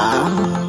Ah.